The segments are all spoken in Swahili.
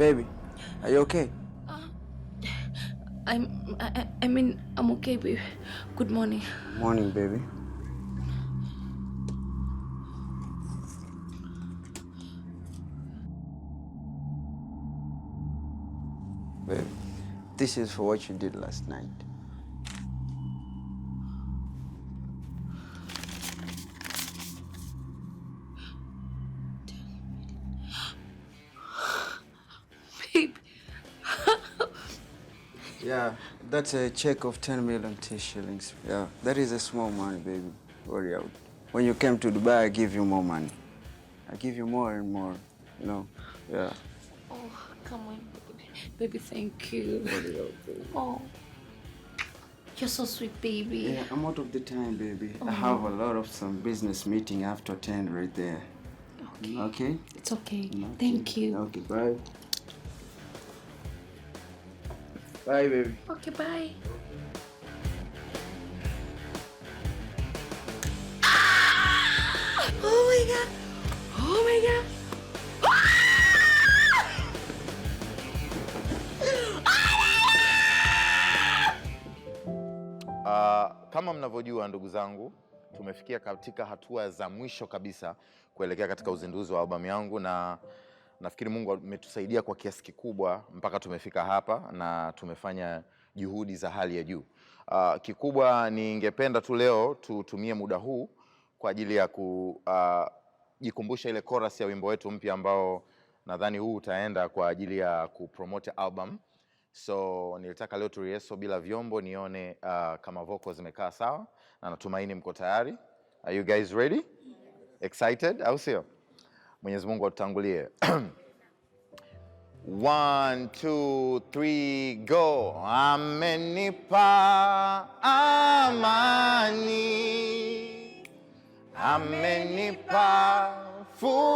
Baby, are you okay? Uh, I'm, I, I mean, I'm okay, baby. Good morning. Morning, baby. Babe, this is for what you did last night. Yeah, that's a check of 10 million T shillings. Yeah, that is a small money, baby. Worry out. When you came to Dubai, I give you more money. I give you more and more, you know. Yeah. Oh, come on, baby. Baby, thank you. Worry out, baby. Oh. You're so sweet, baby. Yeah, I'm out of the time, baby. Oh. I have a lot of some business meeting after ten right there. Okay. Okay? It's okay. okay. Thank you. Okay, bye. Bye baby. Okay, bye. Ah! Oh my god. Oh my god. Ah! Ah! kama mnavyojua ndugu zangu, tumefikia katika hatua za mwisho kabisa kuelekea katika uzinduzi wa albamu yangu na nafikiri Mungu ametusaidia kwa kiasi kikubwa mpaka tumefika hapa na tumefanya juhudi za hali ya juu. Uh, kikubwa ningependa tu leo tutumie muda huu kwa ajili ya kujikumbusha ah, uh, ile chorus ya wimbo wetu mpya ambao nadhani huu utaenda kwa ajili ya kupromote album. So nilitaka leo tureheso bila vyombo nione uh, kama vocals zimekaa sawa, na natumaini mko tayari. Are you guys ready? Excited au sio? Mwenyezi Mungu atutangulie. 1 2 3 go. Amenipa amani, amenipa furaha,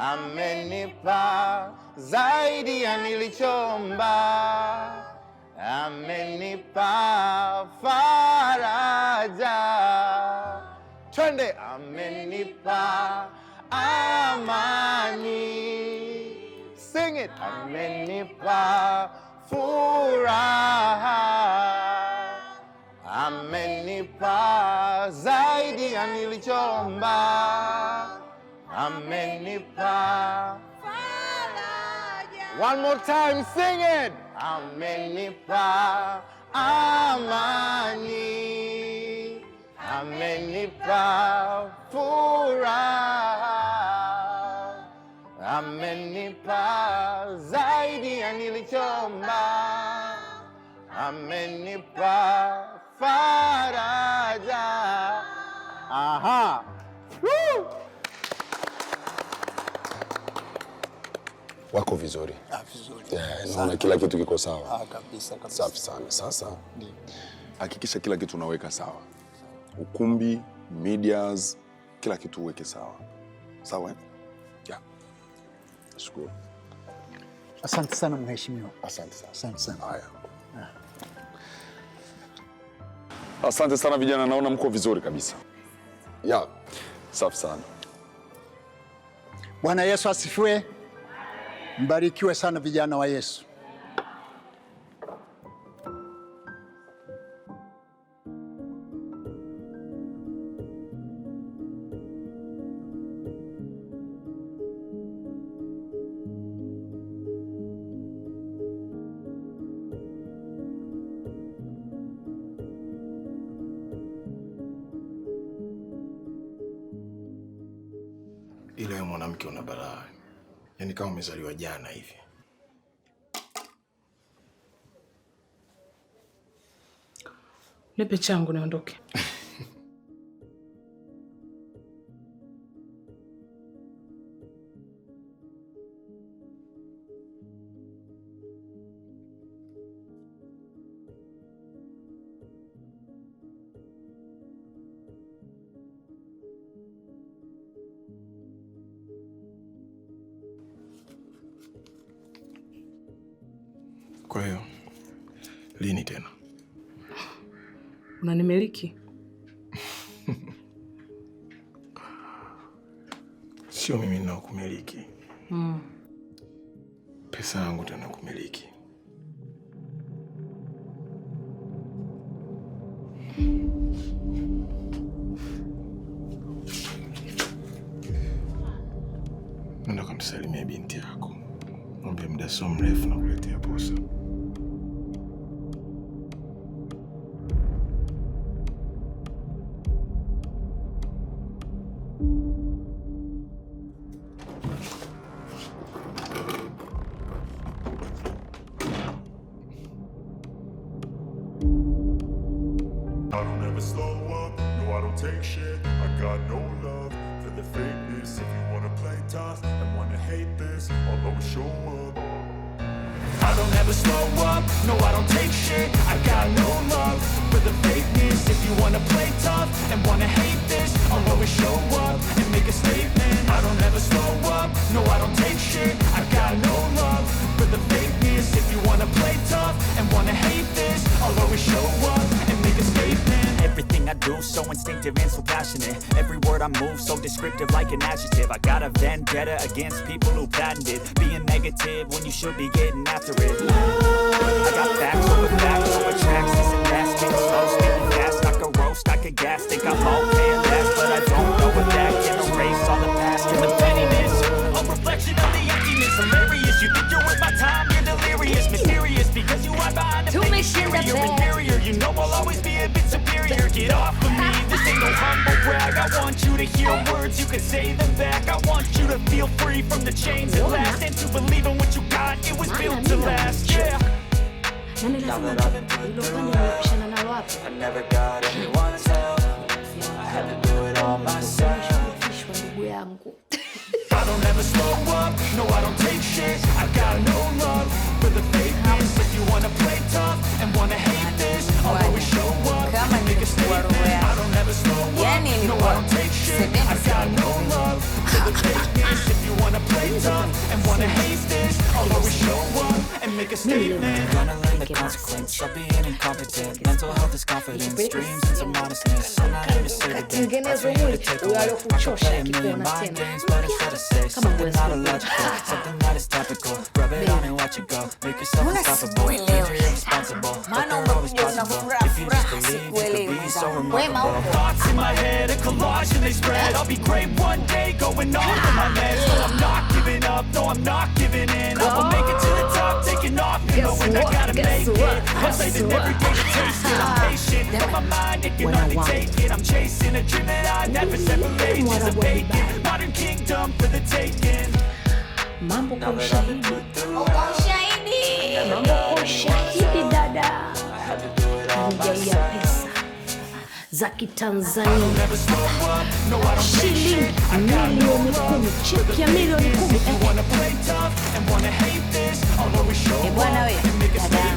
amenipa zaidi ya nilichomba, amenipa faraja Twende. Amenipa amani. Sing it. Amenipa furaha. Amenipa zaidi ya nilichomba. Amenipa One more time, sing it. Amenipa amani. amenipa furaha, amenipa zaidi ya nilichomba, amenipa faraja. Aha. Woo! Wako vizuri, ah, naona kila kitu kiko sawa. Ah, kabisa kabisa. Safi sana. Sasa hakikisha kila kitu unaweka sawa ukumbi, medias, kila kitu uweke sawa sawa. Yeah. Asante sana mheshimiwa. Asante sana. Asante sana. Haya. Ah. Asante sana vijana, naona mko vizuri kabisa. Yeah. Safi sana. Bwana Yesu asifiwe. Mbarikiwe sana vijana wa Yesu. umezaliwa jana hivi. Nipe changu niondoke. unanimiliki? Sio mimi ninaokumiliki. Mm. Pesa yangu tena kumiliki. Nenda kamsalimia binti yako, mwambie muda sio mrefu na kuletea posa. move so instinctive and so passionate Every word I move so descriptive like an adjective I got a vendetta against people who patented Being negative when you should be getting after it I got facts over facts over tracks This and that, spinning slow, spinning fast I could roast, I could gas, think I'm all fan But I don't know what that can erase all the past And the pettiness, a reflection of the emptiness Hilarious, you think you're with my interior inferior You know I'll always be a bit superior Get off of me, this ain't no humble brag I want you to hear words, you can say them back I want you to feel free from the chains at last And to believe in what you got, it was built to last, yeah None of that I never got anyone's help I had to do it all myself I don't ever slow up, no I don't take shit I've got no love I I got no love. wanna play tough and wanna hate this I'll always show up and make a statement Gonna learn the consequence of being incompetent Mental health is confidence, dreams and some honestness I'm not here to I'm here to take away I can play a million mind games, but instead of six Something not illogical, something that is topical Rub it on and watch it go, make yourself unstoppable You're irresponsible, but they're always possible If you just believe, you could be so remarkable Thoughts in my head, a collage and they spread I'll be great one day, going off in my meds, not giving up, no, I'm not giving in. I will make it to the top, taking off, knowing I gotta make it. I'm saving every day to taste it. I'm patient, but my mind, it can hardly take it. I'm chasing a dream that I never separated. It's a vacant modern kingdom for the taking. Mambo kwa ushahidi. I kwa ushahidi. Mambo kwa ushahidi dada. DJ ya pesa za Kitanzania. Shilingi I eh? wanna play Million komi, chipia million komi. Eh bwana we, dada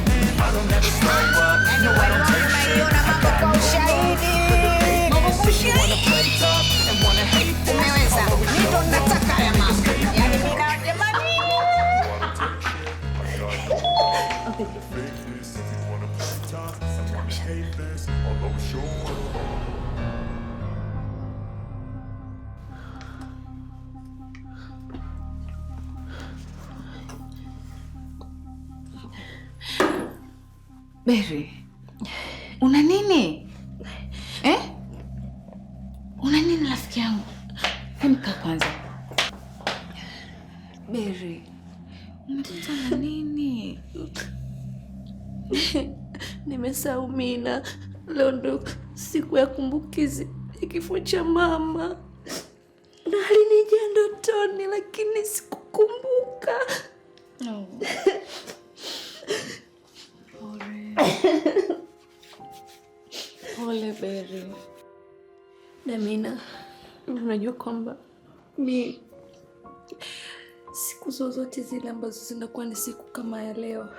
kumsahau Mina. Leo ndo siku ya kumbukizi ya kifo cha mama, na alinijia ndotoni lakini sikukumbuka. No. Pole. Damina, unajua kwamba mi siku zozote zile ambazo zinakuwa ni siku kama ya leo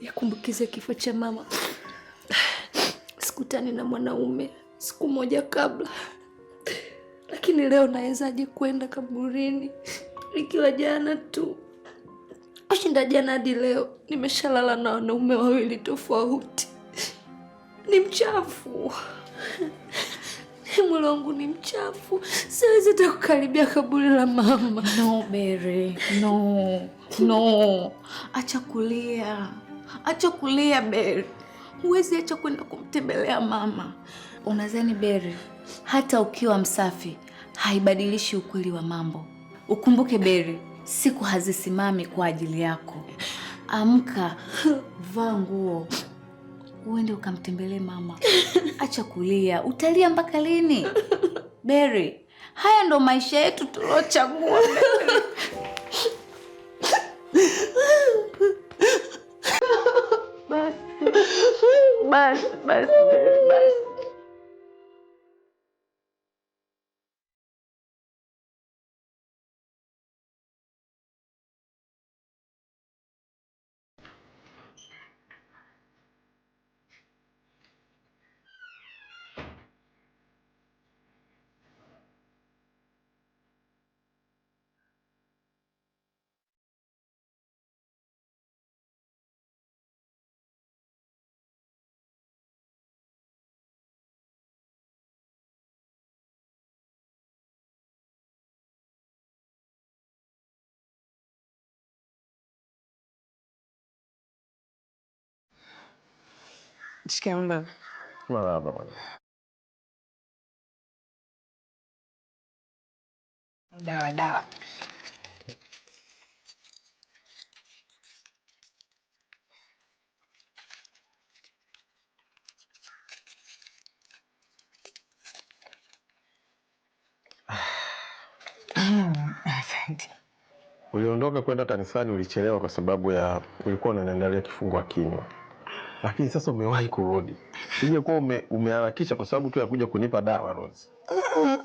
nikumbukize kifo cha mama, sikutane na mwanaume siku moja kabla, lakini leo nawezaje kwenda kaburini nikiwa jana tu kushinda jana hadi leo nimeshalala na wanaume wawili tofauti. Ni mchafu mwili wangu ni mchafu, siwezi hata kukaribia kaburi la mama. No, no no, acha kulia. Acha kulia Beri, huwezi acha kwenda kumtembelea mama. Unadhani Beri, hata ukiwa msafi haibadilishi ukweli wa mambo. Ukumbuke Beri, siku hazisimami kwa ajili yako. Amka, vaa nguo, uende ukamtembelee mama. Acha kulia, utalia mpaka lini Beri? Haya ndo maisha yetu tuliochagua. Basta, basta, basta. Discount Marahaba marahaba. Dawa Uliondoka kwenda kanisani ulichelewa kwa sababu ya ulikuwa unaendelea kifungua kinywa lakini sasa umewahi kurudi, sije kuwa ume, umeharakisha kwa sababu tu ya kuja kunipa dawa Rose.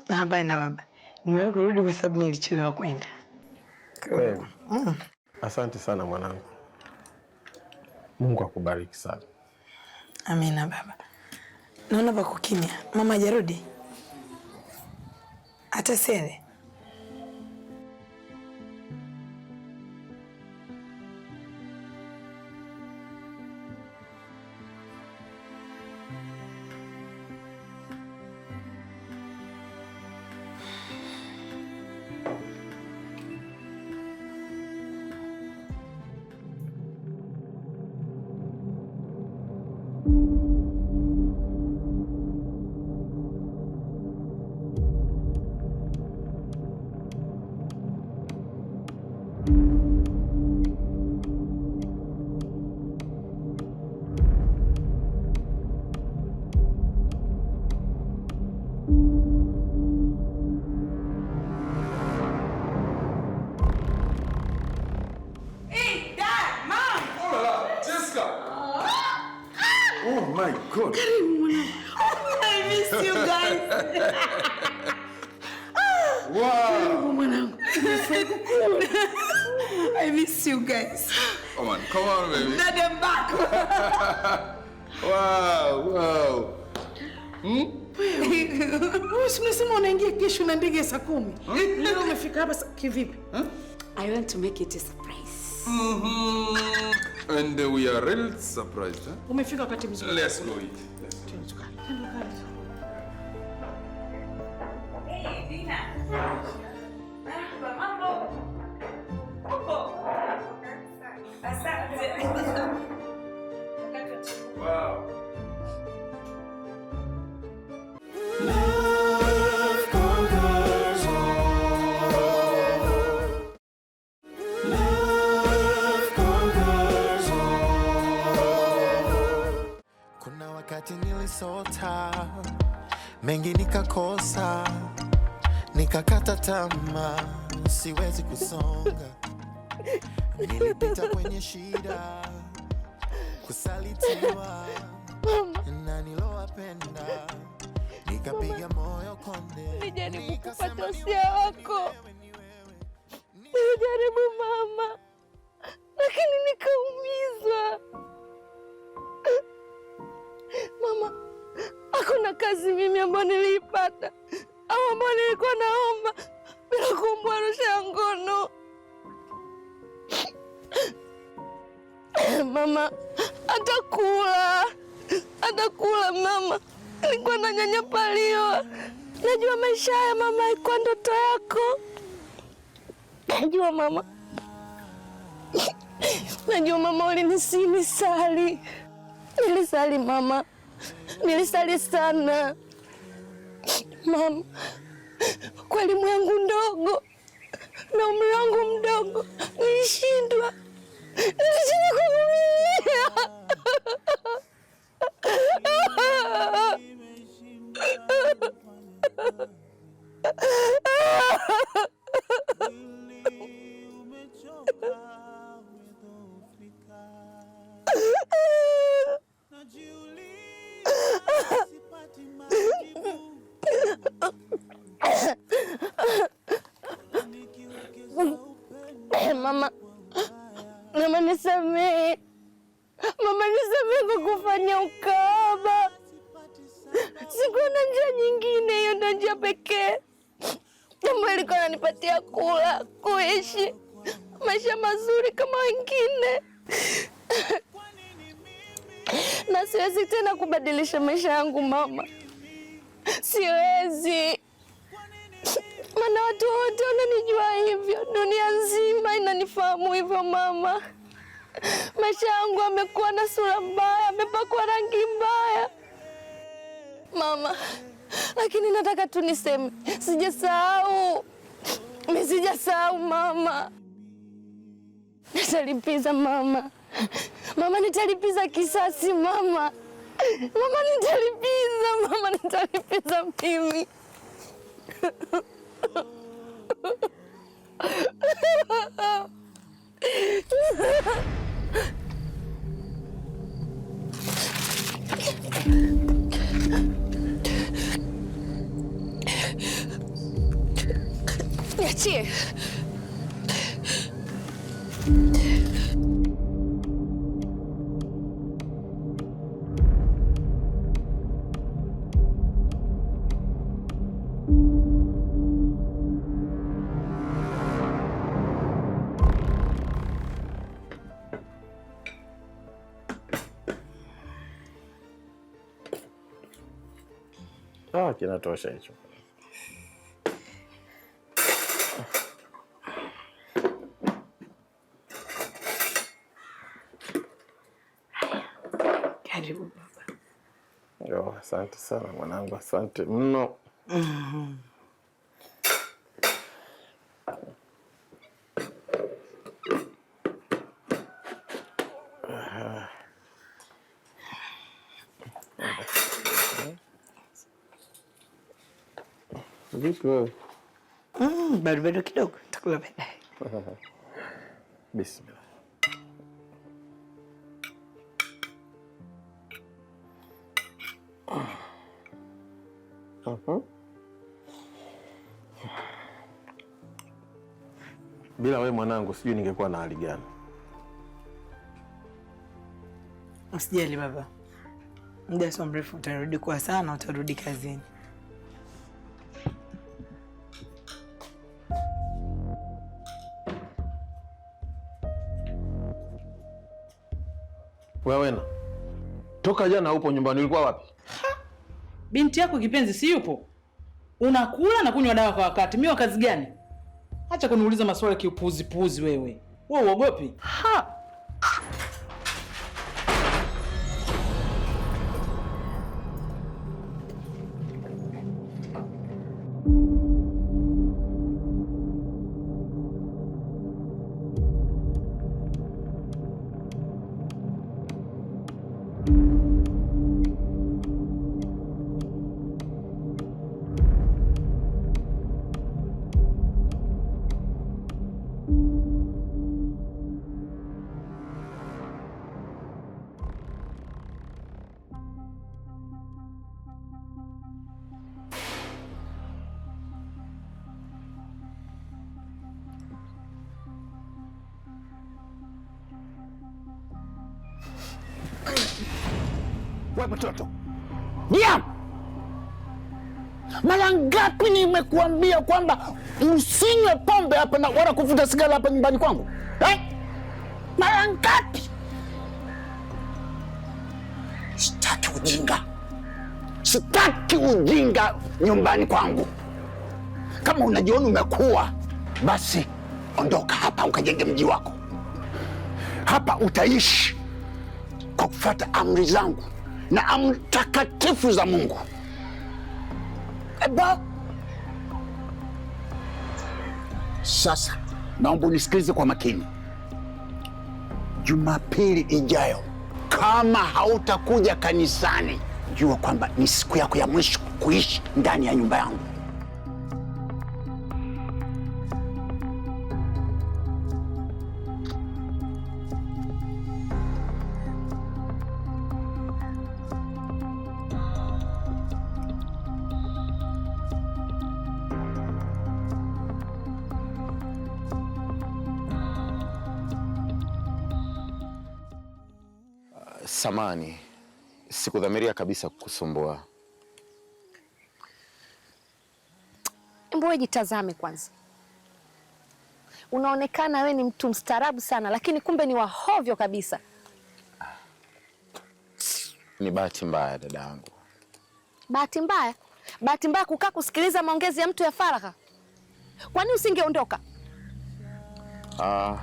Hapana ah, baba, nimewahi kurudi kwa sababu nilichelewa kwenda. Mm. Asante sana mwanangu, Mungu akubariki sana. Amina baba. Naona pako kimya, mama hajarudi hata my God. Karimu mwanangu. Oh, I miss you guys. Wow. mwanangu. I miss you guys. Come on, come on baby. Dada back. Wow, wow. Hmm? Wewe unasema unaingia kesho na ndege saa 10. Hmm? Leo umefika hapa kivipi? Hmm? I want to make it Mm -hmm. And uh, we are really surprised. Huh? Umefika wakati mzuri. Let's go eat. Let's go. Hey, Dina. Ah, mambo. Asante. kama siwezi kusonga, nilipita kwenye shida, kusalitiwa na nilowapenda, nikapiga moyo konde, nijaribu kupata usia wako, nilijaribu mama, lakini nikaumizwa mama. Hakuna kazi mimi ambayo niliipata au ambayo nilikuwa naomba Nakumbwa rusha ya ngono mama, atakula atakula mama. Nilikuwa nanyanyapaliwa. Najua maisha haya mama, ilikuwa ndoto yako. Najua mama, najua mama, ulinisini sali. Nilisali mama, nilisali sana mama kwa elimu yangu ndogo na umri wangu mdogo nilishindwa, nilishindwa kuvumilia siwezi, maana watu wote wananijua hivyo, dunia nzima inanifahamu hivyo. Mama, maisha yangu amekuwa na sura mbaya, amepakwa rangi mbaya mama, lakini nataka tu niseme sijasahau, mimi sijasahau mama. Nitalipiza mama, mama, nitalipiza kisasi mama. Ma mangiare pizza, ma mangiare pizza bimbi. Merci. kinatosha hicho. Asante sana mwanangu, asante mno. mm -hmm. Vipi wewe? Mm, bado bado kidogo takula baadaye. Bismillah. Uh-huh. Bila wewe mwanangu, sijui ningekuwa na hali gani. Usijali baba, muda sio mrefu utarudi kwa sana, utarudi kazini. wawena toka jana upo nyumbani, ulikuwa wapi? Ha! binti yako kipenzi si yupo, unakula na kunywa dawa kwa wakati. Mimi wa kazi gani? Acha kuniuliza maswali kiupuuzipuuzi wewe. Wewe uogopi? Ha! we mtoto, Nia, Mara ngapi nimekuambia kwamba usinywe pombe hapa na wala kuvuta sigara hapa nyumbani kwangu eh? Mara ngapi? Sitaki ujinga, sitaki ujinga nyumbani kwangu. Kama unajiona umekuwa, basi ondoka hapa ukajenge mji wako. Hapa utaishi kwa kufuata amri zangu na amri takatifu za Mungu. Eba, sasa naomba unisikilize kwa makini. Jumapili ijayo kama hautakuja kanisani, jua kwamba ni siku yako ya mwisho kuishi ndani ya nyumba yangu. Samani, sikudhamiria kabisa kukusumbua. Mbona jitazame kwanza. Unaonekana we ni mtu mstaarabu sana, lakini kumbe ni wahovyo kabisa. Ni bahati mbaya dadangu. Bahati mbaya? Bahati mbaya kukaa kusikiliza maongezi ya mtu ya faragha? Kwani usingeondoka? Ah,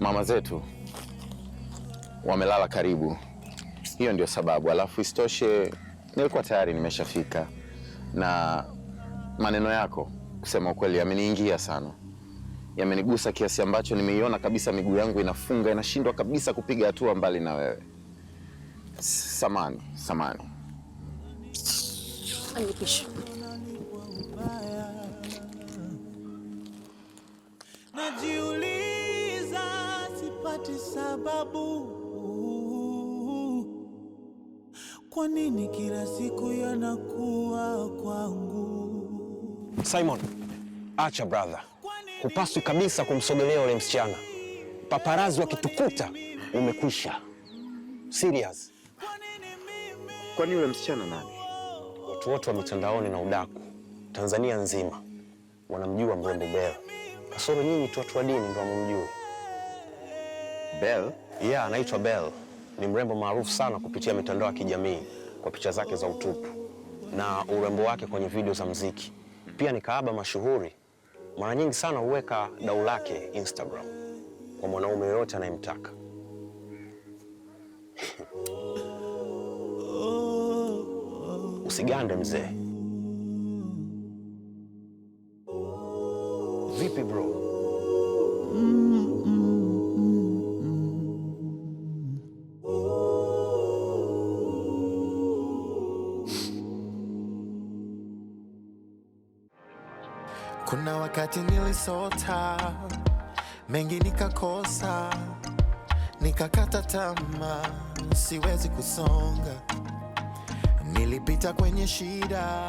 mama zetu wamelala karibu, hiyo ndio sababu. Alafu isitoshe nilikuwa tayari nimeshafika, na maneno yako kusema ukweli yameniingia sana, yamenigusa kiasi ambacho nimeiona kabisa miguu yangu inafunga, inashindwa kabisa kupiga hatua mbali na wewe. Samani, samani Najiuliza sipati sababu Kwa nini kila siku yanakuwa kwangu? Simon, acha brother, hupaswi kabisa kumsogelea yule msichana. Paparazi wakitukuta umekwisha. Serious. Kwa nini yule msichana nani? Watu wote wa mitandaoni na udaku Tanzania nzima wanamjua mrembo Bell, kasoro nyinyi tu watu wa dini ndio wamemjua Bell. Yeah, anaitwa Bell ni mrembo maarufu sana kupitia mitandao ya kijamii kwa picha zake za utupu na urembo wake kwenye video za mziki. Pia ni kaaba mashuhuri, mara nyingi sana huweka dau lake Instagram kwa mwanaume yoyote anayemtaka. Usigande mzee. Vipi bro? Wakati nilisota mengi nikakosa, nikakata tamaa, siwezi kusonga, nilipita kwenye shida